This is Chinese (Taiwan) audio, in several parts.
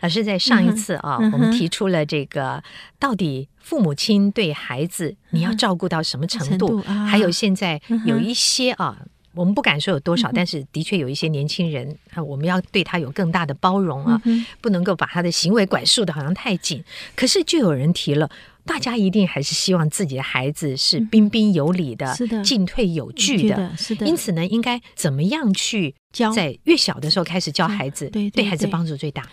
老師，在上一次啊，我們提出了這個到底父母親對孩子你要照顧到什麼程度？還有現在有一些啊，我們不敢說有多少，但是的確有一些年輕人啊，我們要對他有更大的包容啊，不能夠把他的行為管束的好像太緊。可是就有人提了，大家一定還是希望自己的孩子是彬彬有禮的，是的，進退有據的，是的。因此呢，應該怎麼樣去教，在越小的時候開始教孩子，對孩子幫助最大。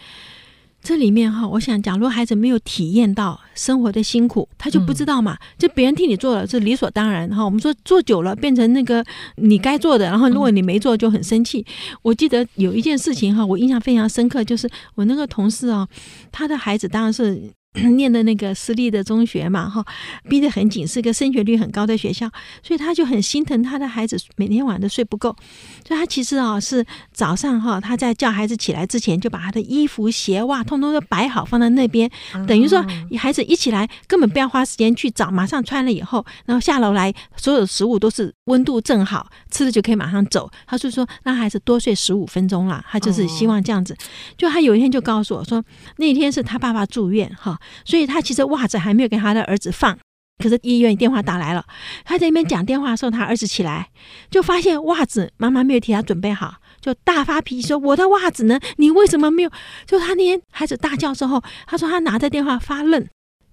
這裡面哈，我想講，假如孩子沒有體驗到生活的辛苦，他就不知道嘛，嗯、就別人替你做了是理所當然哈。我們說做久了變成那個你該做的，然後如果你沒做就很生氣。我記得有一件事情哈，我印象非常深刻，就是我那個同事啊、哦，他的孩子當然是，念的那個私立的中學嘛，哈，逼得很緊，是一個升學率很高的學校，所以他就很心疼他的孩子，每天晚上都睡不夠，所以他其實啊、哦，是早上哈、哦，他在叫孩子起來之前，就把他的衣服、鞋襪通通都擺好，放在那邊，等於說孩子一起來，根本不要花時間去找，馬上穿了以後，然後下樓來，所有食物都是溫度正好，吃的就可以馬上走，他就說讓孩子多睡十五分鐘啦、啊，他就是希望這樣子，就他有一天就告訴我說，那天是他爸爸住院哈。哦所以，他其實襪子還沒有給他的兒子放。可是醫院電話打來了，他在那邊講電話的時候，送他兒子起來就發現襪子媽媽沒有替他準備好，就大發脾氣說：“我的襪子呢？你為什麼沒有？”就他那天孩子大叫之後，他說他拿着電話發愣。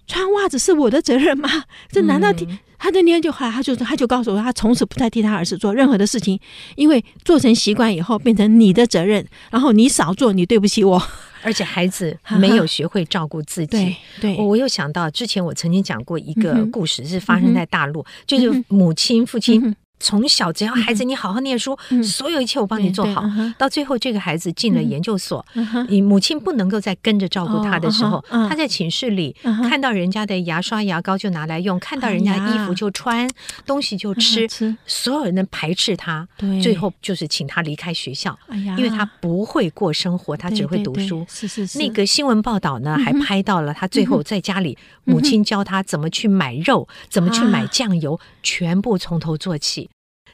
穿襪子是我的責任嗎？這難道替、嗯、哼他那天就後來他就他就告訴我，他從此不再替他兒子做任何的事情，因為做成習慣以後變成你的責任，然後你少做，你對不起我，而且孩子沒有學會照顧自己。呵呵對，對，我又想到之前我曾經講過一個故事，是發生在大陸，嗯、哼就是母親、父親、嗯哼。嗯從小，只要孩子你好好念書，所有一切我幫你做好。到最後，這個孩子進了研究所，你母親不能夠再跟着照顧他的時候，他在寢室裡看到人家的牙刷牙膏就拿來用，看到人家衣服就穿，東西就吃，所有人都排斥他。最後就是請他離開學校，因為他不會過生活，他只會讀書。是是是。那個新聞報道呢，還拍到了他最後在家裡，母親教他怎麼去買肉，怎麼去買醬油，全部從頭做起。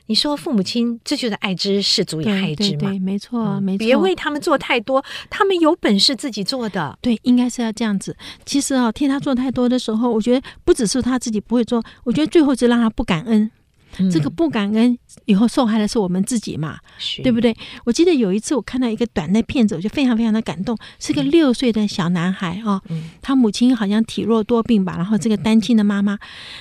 你說父母親，這就是愛之是足以害之嘛。對對對，沒錯，嗯，沒錯。別為他們做太多，他們有本事自己做的。對，應該是要這樣子。其實啊，哦，替他做太多的時候，我覺得不只是他自己不會做，我覺得最後是讓他不感恩。這個不感恩，以後受害的是我們自己嘛，嗯、對不對？我記得有一次我看到一個短的片子，我就非常非常的感動。是個六歲的小男孩啊，哦，他，嗯、母親好像體弱多病吧，然後這個單親的媽媽，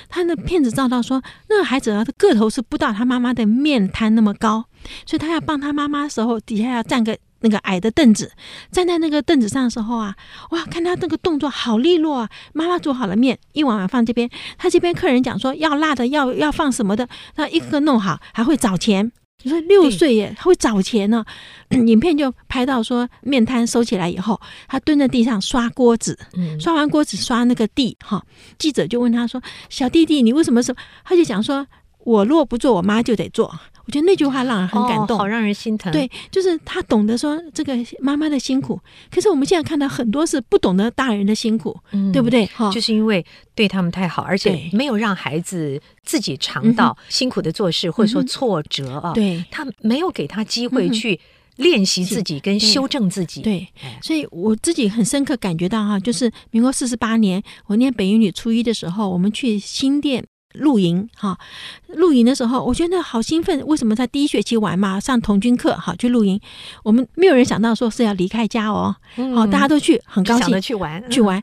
他那片子照到說，那個孩子啊，他個頭是不到他媽媽的麵攤那麼高，所以他要幫他媽媽的時候，底下要站個。那個矮的凳子，站在那個凳子上的時候啊，哇，看他那個動作好利落啊！媽媽做好了面，一碗碗放這邊，他這邊客人講說要辣的，要要放什麼的，他一個個弄好，還會找錢。你說六歲耶對會找錢呢、啊？ 影片就拍到說面攤收起來以後，他蹲在地上刷鍋子，刷完鍋子刷那個地哈。記者就問他說：“小弟弟，你為什麼是？”他就講說：“我若不做，我媽就得做。”我覺得那句話讓人很感動，哦、好讓人心疼。對，就是他懂得說這個媽媽的辛苦，嗯、可是我們現在看到很多是不懂得大人的辛苦，嗯、對不對？就是因為對他們太好，而且沒有讓孩子自己嘗到辛苦的做事，對或者說挫折啊，嗯哼哦、對他沒有給他機會去練習自己跟修正自己。嗯、對，對對對哎、所以我自己很深刻感覺到哈、啊，就是民國四十八年，嗯、我念北一女初一的時候，我們去新店。露營哈、哦，露營的時候我覺得好興奮。為什麼在第一學期玩嘛？上童軍課好、哦、去露營，我們沒有人想到說是要離開家哦。好、嗯哦，大家都去很高興去玩去玩。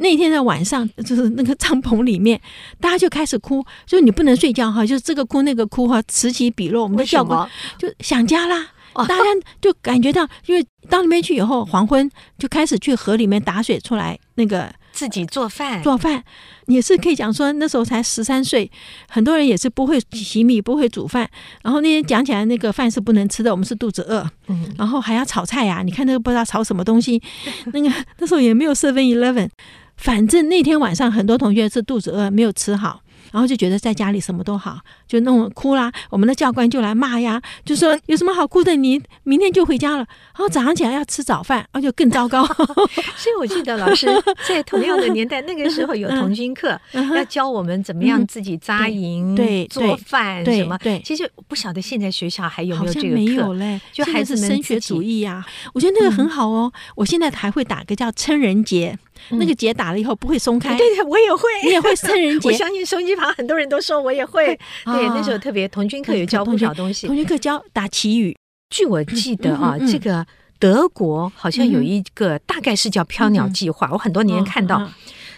那天的晚上就是那個帳篷裡面，大家就開始哭，就是你不能睡覺哈、哦，就是這個哭那個哭哈，此起彼落。我們的效果就想家啦，大家就感覺到，哼因為到那邊去以後，黃昏就開始去河裡面打水出來，那個。自己做飯，做飯也是可以講說，那時候才十三歲，很多人也是不會洗米，不會煮飯。然後那天講起來，那個飯是不能吃的，我們是肚子餓，嗯，然後還要炒菜呀、啊。你看那個不知道炒什麼東西，那個那時候也沒有 Seven Eleven，反正那天晚上很多同學是肚子餓，沒有吃好。然後就覺得在家裡什麼都好，就弄哭啦。我們的教官就來罵呀，就說有什麼好哭的？你明天就回家了。然、哦、後早上起來要吃早飯，而、哦、且更糟糕。 所以我記得老師在同樣的年代， 那個時候有童軍課，嗯、要教我們怎麼樣自己紮營、嗯、對，對做飯什麼。對，對對其實我不曉得現在學校還有沒有這個課？沒有嘞，就還是升學主義呀、啊。我覺得那個很好哦，嗯、我現在還會打個叫稱人結，那個結打了以後不會鬆開，對對，我也會，你也會稱人結。我相信收音機旁很多人都說我也會，對，那時候特別童軍課有教不少東西，童軍課教打旗語。據我記得啊，這個德國好像有一個大概是叫“飄鳥計劃”，我很多年看到，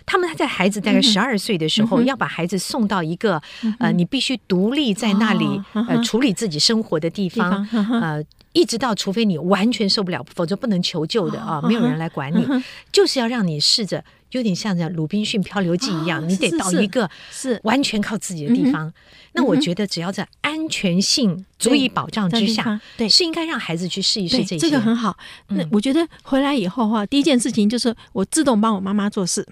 他們在孩子大概十二歲的時候要把孩子送到一個呃，你必須獨立在那裡呃處理自己生活的地方一直到除非你完全受不了，否則不能求救的啊！哦哦、沒有人來管你，嗯、哼就是要讓你試着有點像在《魯濱遜漂流記》一樣，哦、是是是你得到一個是完全靠自己的地方。嗯、那我覺得只要在安全性對足以保障之下，對，是應該讓孩子去試一試這。這個很好。嗯、那我覺得回來以後哈、啊，第一件事情就是我自動幫我媽媽做事。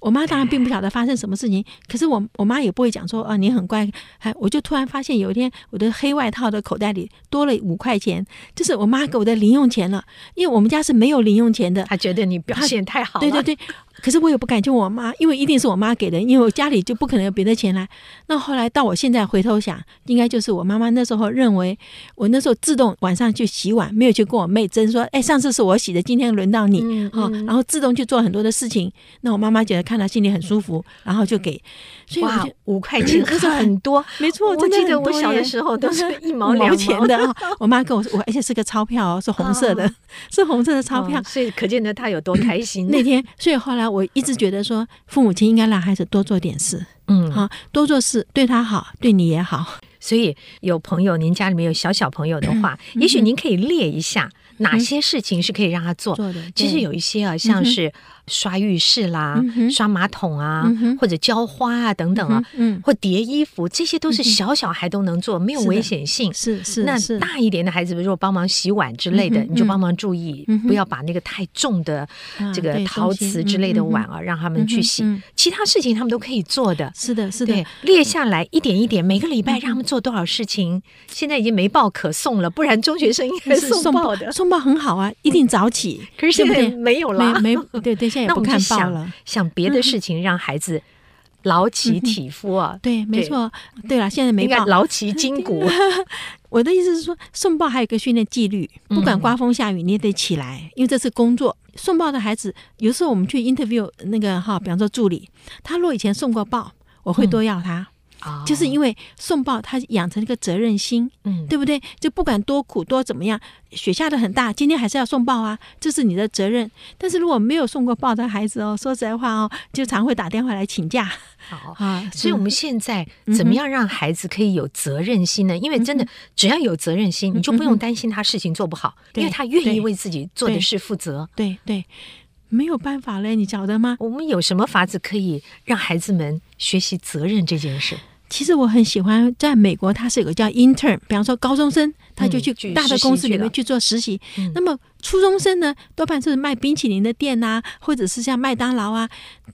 我媽當然並不曉得發生什麼事情， 可是我我媽也不會講說啊，你很乖。哎，我就突然發現有一天我的黑外套的口袋裡多了五塊錢。就是我媽給我的零用錢了，因為我們家是沒有零用錢的。她覺得你表現太好了，對對對。可是我也不敢就我媽，因為一定是我媽給的，因為我家裡就不可能有別的錢來。那後來到我現在回頭想，應該就是我媽媽那時候認為我那時候自動晚上去洗碗，沒有去跟我妹爭說，哎，上次是我洗的，今天輪到你啊、嗯哦。然後自動去做很多的事情，那我媽媽覺得看她心裡很舒服，然後就給。所以我就哇，五塊錢 很多，沒錯。我記得我小的時候都是一毛兩毛錢的、哦、我媽跟我說我。 而且是個鈔票，哦，是紅色的，哦、是紅色的鈔票，哦，所以可見得他有多開心啊。 那天，所以後來我一直覺得說，父母親應該讓孩子多做點事，嗯，啊，多做事對他好，對你也好。所以有朋友，您家裡面有小小朋友的話， 嗯、哼也許您可以列一下哪些事情是可以讓他做的。嗯、其實有一些啊，像是。嗯刷浴室啦，刷馬桶啊，或者澆花啊等等啊，或疊衣服，這些都是小小孩都能做，沒有危險性。是是，那大一點的孩子，比如說幫忙洗碗之類的，你就幫忙注意，不要把那個太重的這個陶瓷之類的碗啊，讓他們去洗。其他事情他們都可以做的，是的，是的。對，列下來一點一點，每個禮拜讓他們做多少事情。現在已經沒報可送了，不然中學生應該送報的，送報很好啊，一定早起。可是現在沒有了，沒對對。現在也不看報了，想，想別的事情，讓孩子勞其體膚啊！嗯嗯、對，對沒錯。對了，現在沒報，應該勞其筋骨。 我的意思是說，送報還有一個訓練紀律，不管颳風下雨，你也得起來，因為這是工作。嗯、送報的孩子，有時候我們去 interview 那個哈，比方說助理，他如果以前送過報，我會多要他。嗯哦、就是因為送報，他養成一個責任心，嗯，對不對？就不管多苦多怎麼樣，雪下的很大，今天還是要送報啊，這是你的責任。但是如果沒有送過報的孩子哦，說實在話哦，就常會打電話來請假。好啊，嗯、所以我們現在怎麼樣讓孩子可以有責任心呢？嗯、因為真的，嗯、只要有責任心，嗯、你就不用擔心他事情做不好，嗯、因為他願意為自己做的事負責。對對，對，對，沒有辦法嘞，你曉得嗎？我們有什麼法子可以讓孩子們學習責任這件事？其實我很喜歡在美國，它是有個叫 intern，比方說高中生他就去大的公司裡面去做實習，嗯、實習那麼。初中生呢，多半是賣冰淇淋的店吶、啊，或者是像麥當勞啊，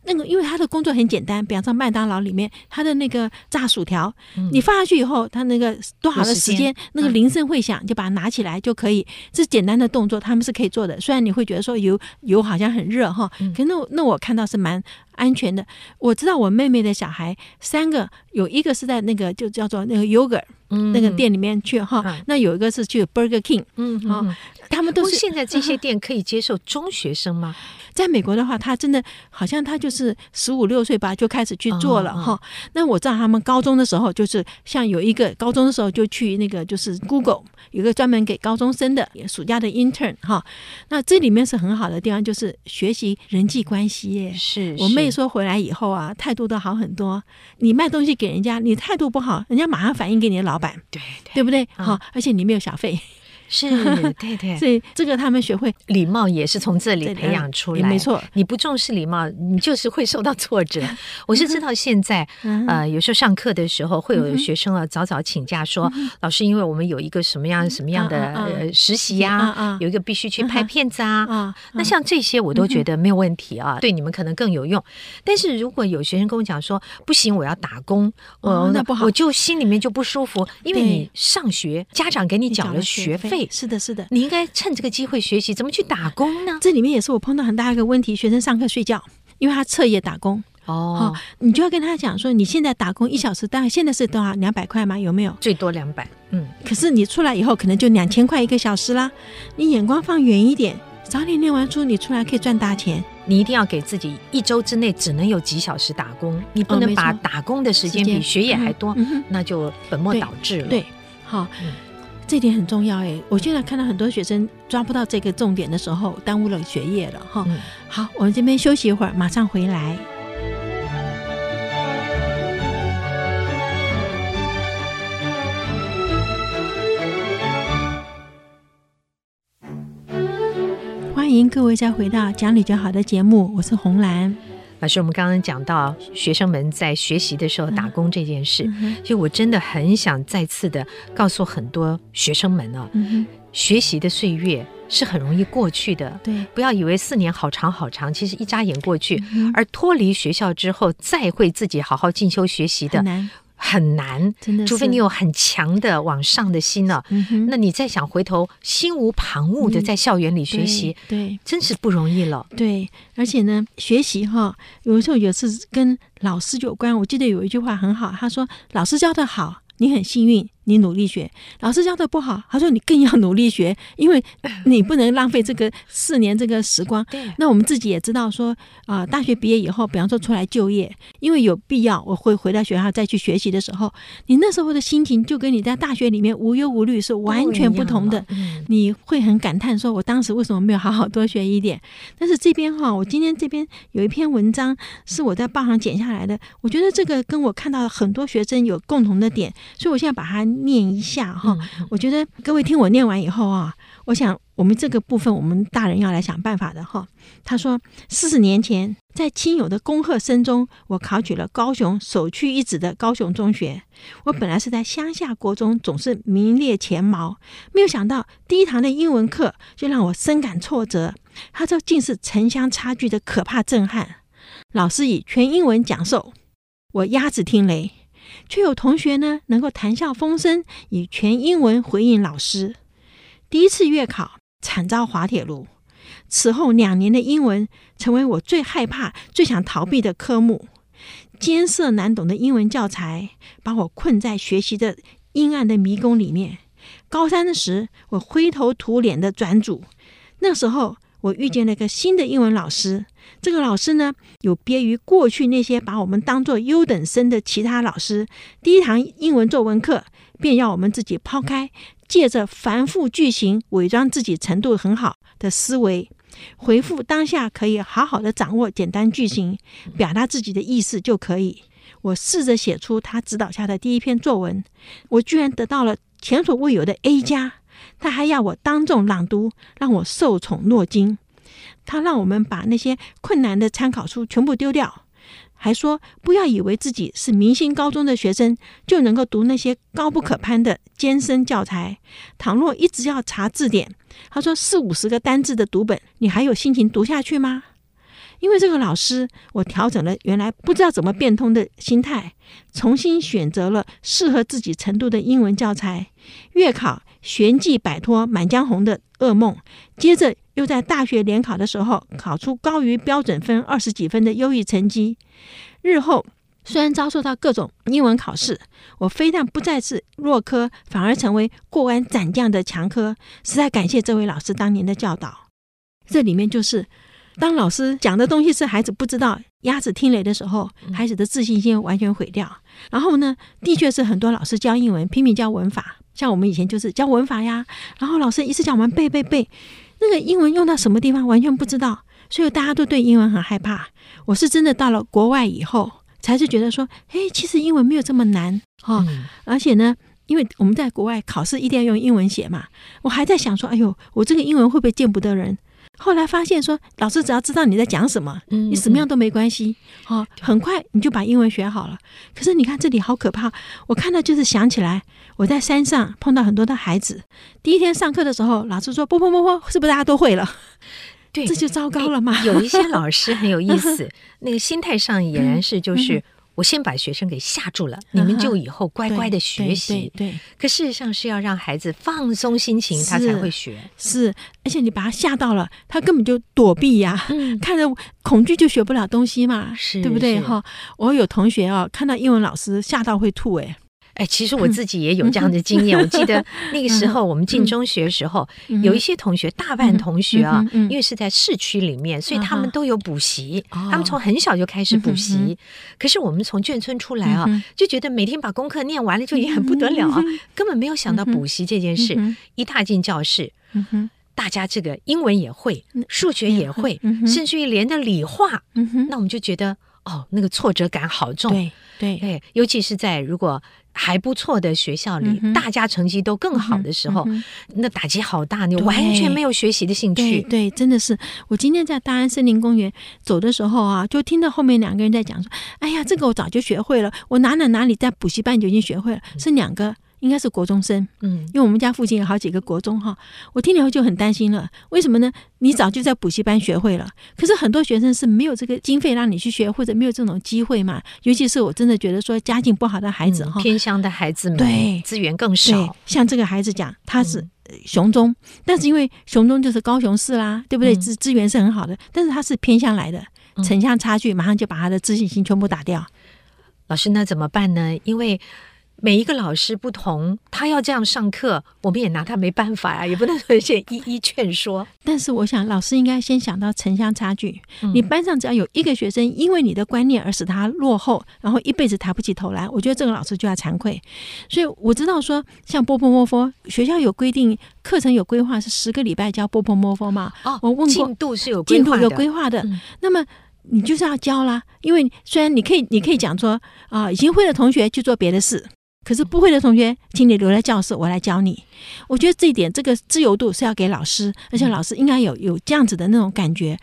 那個，因為他的工作很簡單，比方說麥當勞裡面，他的那個炸薯條，嗯、你放下去以後，他那個多好的時間，時間那個鈴聲會響，嗯、就把它拿起來就可以，嗯、這是簡單的動作，他們是可以做的。雖然你會覺得說油油好像很熱哈，可那那我看到是蠻安全的。嗯、我知道我妹妹的小孩三個有一個是在那個就叫做那個 yogurt。那個店裡面去哈，嗯、那有一個是去 Burger King，嗯，啊，他們都是、嗯哦、現在這些店可以接受中學生嗎？在美國的話，他真的好像他就是十五六歲吧就開始去做了哈。哦、吼那我知道他們高中的時候，就是像有一個高中的時候就去那個就是 Google 有一個專門給高中生的暑假的 Intern 哈。那這裡面是很好的地方，就是學習人際關係。是，是我妹說回來以後啊，態度都好很多。你賣東西給人家，你態度不好，人家馬上反映給你的老闆，對對不對？哈吼，而且你沒有小費。是，對對，所以這個他們學會禮貌也是從這裡培養出來，沒錯。你不重視禮貌，你就是會受到挫折。我是知道現在，呃，有時候上課的時候會有學生啊早早請假說，老師，因為我們有一個什麼樣什麼樣的實習呀，有一個必須去拍片子啊。那像這些我都覺得沒有問題啊，對你們可能更有用。但是如果有學生跟我講說不行，我要打工，哦，那不好，我就心裡面就不舒服，因為你上學，家長給你繳了學費。是的，是的，你應該趁這個機會學習怎麼去打工呢？這裡面也是我碰到很大一個問題：學生上課睡覺，因為他徹夜打工哦，好。你就要跟他講說，你現在打工一小時，當然、嗯、現在是多少兩百塊嗎？有沒有？最多兩百。嗯。可是你出來以後，可能就兩千塊一個小時啦。嗯、你眼光放遠一點，早點念完書，你出來可以賺大錢。你一定要給自己一周之內只能有幾小時打工，哦、你不能把打工的時間比學業還多，嗯嗯嗯、那就本末倒置了。對，好。嗯這點很重要誒，我現在看到很多學生抓不到這個重點的時候，耽誤了學業了哈。嗯、好，我們這邊休息一會兒，馬上回來。嗯、歡迎各位再回到講理就好的節目，我是洪蘭。老師，我們剛剛講到學生們在學習的時候打工這件事，其實、嗯嗯、我真的很想再次的告訴很多學生們啊，嗯、哼學習的歲月是很容易過去的，對，不要以為四年好長好長，其實一眨眼過去，嗯、哼而脫離學校之後，再會自己好好進修學習的，很難，真的，除非你有很強的往上的心了、哦。嗯、哼那你再想回頭心無旁騖的在校園裡學習，嗯、對，對真是不容易了。對，而且呢，學習哈，有時候也是跟老師有關。我記得有一句話很好，他說：“老師教得好，你很幸運。”你努力學，老師教的不好，他說你更要努力學，因為你不能浪費這個四年這個時光。對，那我們自己也知道說啊、呃，大學畢業以後，比方說出來就業，因為有必要，我會回到學校再去學習的時候，你那時候的心情就跟你在大學裡面無憂無慮是完全不同的。會嗯、你會很感嘆說，我當時為什麼沒有好好多學一點？但是這邊哈，我今天這邊有一篇文章是我在報上剪下來的，我覺得這個跟我看到很多學生有共同的點，所以我現在把它。念一下哈，我覺得各位聽我念完以後啊，我想我們這個部分我們大人要來想辦法的哈。他說，四十年前，在親友的恭賀聲中，我考取了高雄首屈一指的高雄中學。我本來是在鄉下國中，總是名列前茅，沒有想到第一堂的英文課就讓我深感挫折。他說，竟是城鄉差距的可怕震撼。老師以全英文講授，我鴨子聽雷。卻有同學呢，能夠談笑風生，以全英文回應老師。第一次月考慘遭滑鐵盧，此後兩年的英文成為我最害怕、最想逃避的科目。艱澀難懂的英文教材把我困在學習的陰暗的迷宮裡面。高三時，我灰頭土臉的轉組，那時候我遇見了一個新的英文老師。這個老師呢，有別於過去那些把我們當做優等生的其他老師。第一堂英文作文課，便要我們自己拋開，借着繁複句型偽裝自己程度很好的思維，回復當下可以好好的掌握簡單句型，表達自己的意思就可以。我試着寫出他指導下的第一篇作文，我居然得到了前所未有的 A 加。他還要我當眾朗讀，讓我受寵若驚。他讓我們把那些困難的參考書全部丟掉，還說不要以為自己是明星高中的學生就能夠讀那些高不可攀的艱深教材。倘若一直要查字典，他說四五十個單字的讀本，你還有心情讀下去嗎？因為這個老師，我調整了原來不知道怎麼變通的心態，重新選擇了適合自己程度的英文教材。月考旋即擺脫《滿江紅》的噩夢，接着，就在大學聯考的時候考出高於標準分二十幾分的優異成績。日後雖然遭受到各種英文考試，我非但不再是弱科，反而成為過關斬將的強科。實在感謝這位老師當年的教導。這裡面就是，當老師講的東西是孩子不知道，鴨子聽雷的時候，孩子的自信心完全毀掉。然後呢，的確是很多老師教英文拼命教文法，像我們以前就是教文法呀，然後老師一次講完背背背。那個英文用到什麼地方完全不知道，所以大家都對英文很害怕。我是真的到了國外以後，才是覺得說，哎，其實英文沒有這麼難哈。而且呢，因為我們在國外考試一定要用英文寫嘛，我還在想說，哎呦，我這個英文會不會見不得人？後來發現說，老師只要知道你在講什麼，嗯、你什麼樣都沒關係。好、嗯啊，很快你就把英文學好了。可是你看這裡好可怕，我看到就是想起來，我在山上碰到很多的孩子。第一天上課的時候，老師說：不不不不，是不是大家都會了？對，這就糟糕了嘛。有一些老師很有意思， 嗯、哼那個心態上儼然是就是。嗯嗯我先把學生給嚇住了，你們就以後乖乖的學習。啊、對，對對對。可事實上是要讓孩子放鬆心情，是他才會學。是，而且你把他嚇到了，他根本就躲避，呀，嗯、看着恐懼就學不了東西嘛，是對不對？哈是、哦，我有同學哦，看到英文老師嚇到會吐，哎。哎，其實我自己也有這樣的經驗。我記得那個時候，我們進中學的時候，有一些同學，大半同學啊，因為是在市區裡面，所以他們都有補習，他們從很小就開始補習。可是我們從眷村出來啊，就覺得每天把功課念完了就也很不得了啊，根本沒有想到補習這件事。一踏進教室，大家這個英文也會，數學也會，甚至於連着理化，那我們就覺得哦，那個挫折感好重。對，對，尤其是在如果還不錯的學校裡，嗯、哼大家成績都更好的時候，嗯嗯、那打擊好大，對你完全沒有學習的興趣。對。對，真的是。我今天在大安森林公園走的時候啊，就聽到後面兩個人在講說：“哎呀，這個我早就學會了，我哪哪哪裡在補習班就已經學會了。”是兩個。應該是國中生，嗯，因為我們家附近有好幾個國中哈，嗯、我聽了以後就很擔心了。為什麼呢？你早就在補習班學會了，可是很多學生是沒有這個經費讓你去學，或者沒有這種機會嘛。尤其是我真的覺得說，家境不好的孩子哈、嗯，偏鄉的孩子們，對資源更少。像這個孩子講，他是雄中，嗯、但是因為雄中就是高雄市啦，對不對？資、嗯、資源是很好的，但是他是偏鄉來的，城鄉差距馬上就把他的自信心全部打掉。嗯嗯、老師，那怎麼辦呢？因為。每一個老師不同，他要這樣上課，我們也拿他沒辦法呀、啊，也不能說先一一勸說。 但是我想，老師應該先想到城鄉差距。嗯、你班上只要有一個學生因為你的觀念而使他落後，嗯、然後一輩子抬不起頭來，我覺得這個老師就要慚愧。所以我知道說，像波波莫夫，學校有規定，課程有規劃，是十個禮拜教波波莫夫嗎？哦，我問過進度是有進度有規劃的。嗯嗯、那麼你就是要教啦，因為雖然你可以，嗯、你可以講說啊、呃，已經會的同學去做別的事。可是不會的同學，請你留在教室，我來教你。我覺得這一點，這個自由度是要給老師，而且老師應該有有這樣子的那種感覺。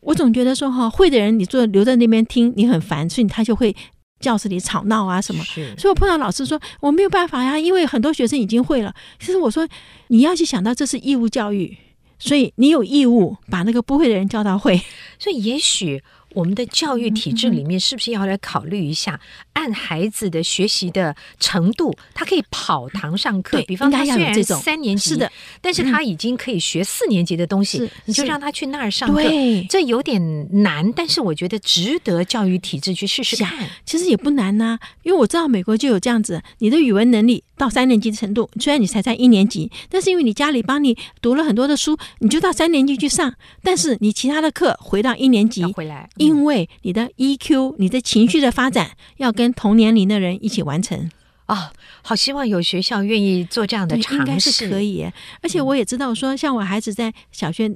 我總覺得說哈，會的人你坐留在那邊聽，你很煩，所以他就會教室裡吵鬧啊什麼。是所以我碰到老師說，我沒有辦法呀，因為很多學生已經會了。其實我說，你要去想到這是義務教育，所以你有義務把那個不會的人教到會。嗯、所以也許。我們的教育體制裡面是不是要來考慮一下？按孩子的學習的程度，他可以跑堂上課。對比方他要這種三年級的，嗯、但是他已經可以學四年級的東西，你就讓他去那兒上課。對這有點難，但是我覺得值得教育體制去試試看、啊。其實也不難吶、啊，因為我知道美國就有這樣子：你的語文能力到三年級的程度，雖然你才在一年級，但是因為你家裡幫你讀了很多的書，你就到三年級去上。但是你其他的課回到一年級回來。因為你的 EQ，你的情緒的發展、嗯嗯、要跟同年齡的人一起完成啊、哦！好希望有學校願意做這樣的嘗試。是可以，而且我也知道說，說、嗯、像我孩子在小學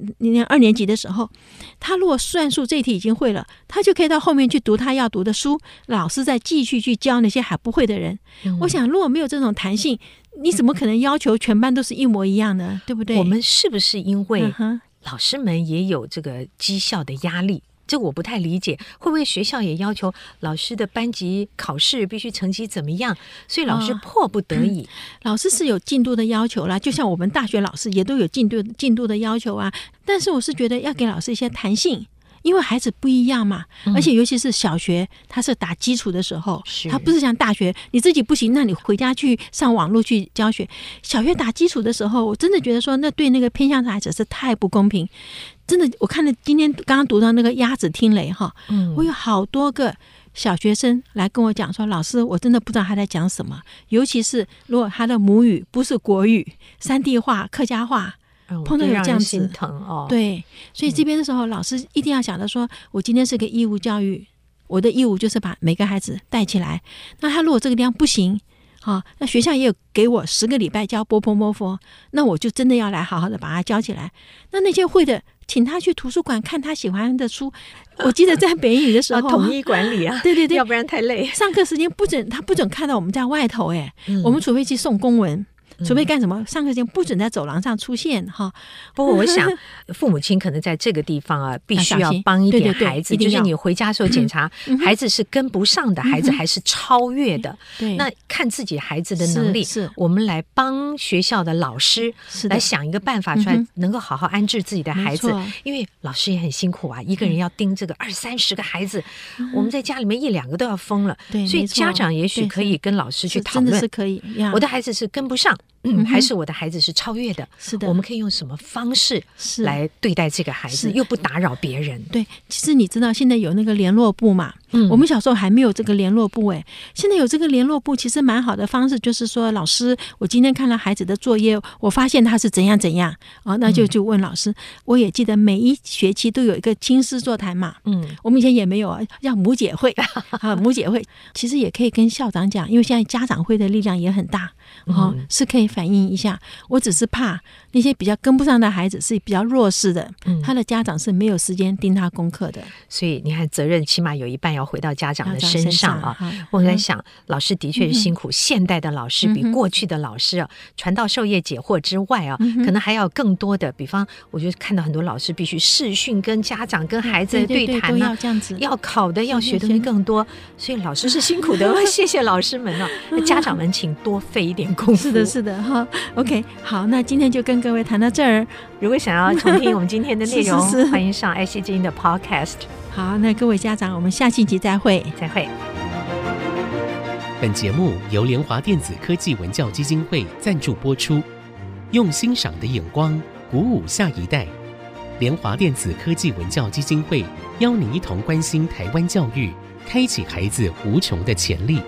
二年級的時候，他如果算術這題已經會了，他就可以到後面去讀他要讀的書。老師再繼續去教那些還不會的人。嗯、我想，如果沒有這種彈性，你怎麼可能要求全班都是一模一樣的？對不對？我們是不是因為老師們也有這個績效的壓力？嗯這我不太理解，會不會學校也要求老師的班級考試必須成績怎麼樣？所以老師迫不得已，哦嗯、老師是有進度的要求啦。嗯、就像我們大學老師也都有進度進度的要求啊。但是我是覺得要給老師一些彈性。因為孩子不一樣嘛，而且尤其是小學，他是打基礎的時候，嗯、他不是像大學，你自己不行，那你回家去上網絡去教學。小學打基礎的時候，我真的覺得說，那對那個偏向的孩子是太不公平。真的，我看了今天剛剛讀到那個鴨子聽雷哈，嗯，我有好多個小學生來跟我講說，老師，我真的不知道他在講什麼。尤其是如果他的母語不是國語，山地話、客家話。碰到有這樣子，心疼哦。對，所以這邊的時候，老師一定要想到說，我今天是個義務教育，我的義務就是把每個孩子帶起來。那他如果這個量不行，好，那學校也有給我十個禮拜教波波摸佛，那我就真的要來好好的把他教起來。那那些會的，請他去圖書館看他喜歡的書。我記得在北影的時候，統一管理啊，對對對，要不然太累。上課時間不准他不准看到我們在外頭，哎，我們除非去送公文。準備幹什麼？上課前不准在走廊上出現哈。不過我想，父母親可能在這個地方啊，必須要幫一點孩子，就是你回家的時候檢查，孩子是跟不上的，孩子還是超越的，對，那看自己孩子的能力，是我們來幫學校的老師來想一個辦法出來，能夠好好安置自己的孩子，因為老師也很辛苦啊，一個人要盯這個二三十個孩子，我們在家裡面一兩個都要瘋了，對，所以家長也許可以跟老師去討論，真的是可以。我的孩子是跟不上。嗯，還是我的孩子是超越的，是的。我們可以用什麼方式來對待這個孩子，又不打擾別人？對，其實你知道，現在有那個聯絡簿嘛，嗯，我們小時候還沒有這個聯絡簿、欸，哎，現在有這個聯絡簿，其實蠻好的方式，就是說，老師，我今天看了孩子的作業，我發現他是怎樣怎樣啊、哦，那就就問老師。嗯、我也記得每一學期都有一個親師座談嘛，嗯，我們以前也沒有啊，叫母姐會啊， 母姐會，其實也可以跟校長講，因為現在家長會的力量也很大哦，嗯、是可以。反映一下，我只是怕那些比較跟不上的孩子是比較弱勢的，他的家長是沒有時間盯他功課的，所以你看責任起碼有一半要回到家長的身上啊。我在想，老師的確是辛苦，現代的老師比過去的老師啊，傳道授業解惑之外啊，可能還要更多的。比方，我就看到很多老師必須視訊跟家長跟孩子對談啊，這樣子要考的要學的更多，所以老師是辛苦的，謝謝老師們啊，家長們請多費一點功夫。是的，是的。好 OK 好，那今天就跟各位談到這兒。如果想要重聽我們今天的內容， 是是是歡迎上愛惜基因的 Podcast。好，那各位家長，我們下星期再會，再會。本節目由聯華電子科技文教基金會贊助播出，用欣賞的眼光鼓舞下一代。聯華電子科技文教基金會邀您一同關心台灣教育，開啟孩子無窮的潛力。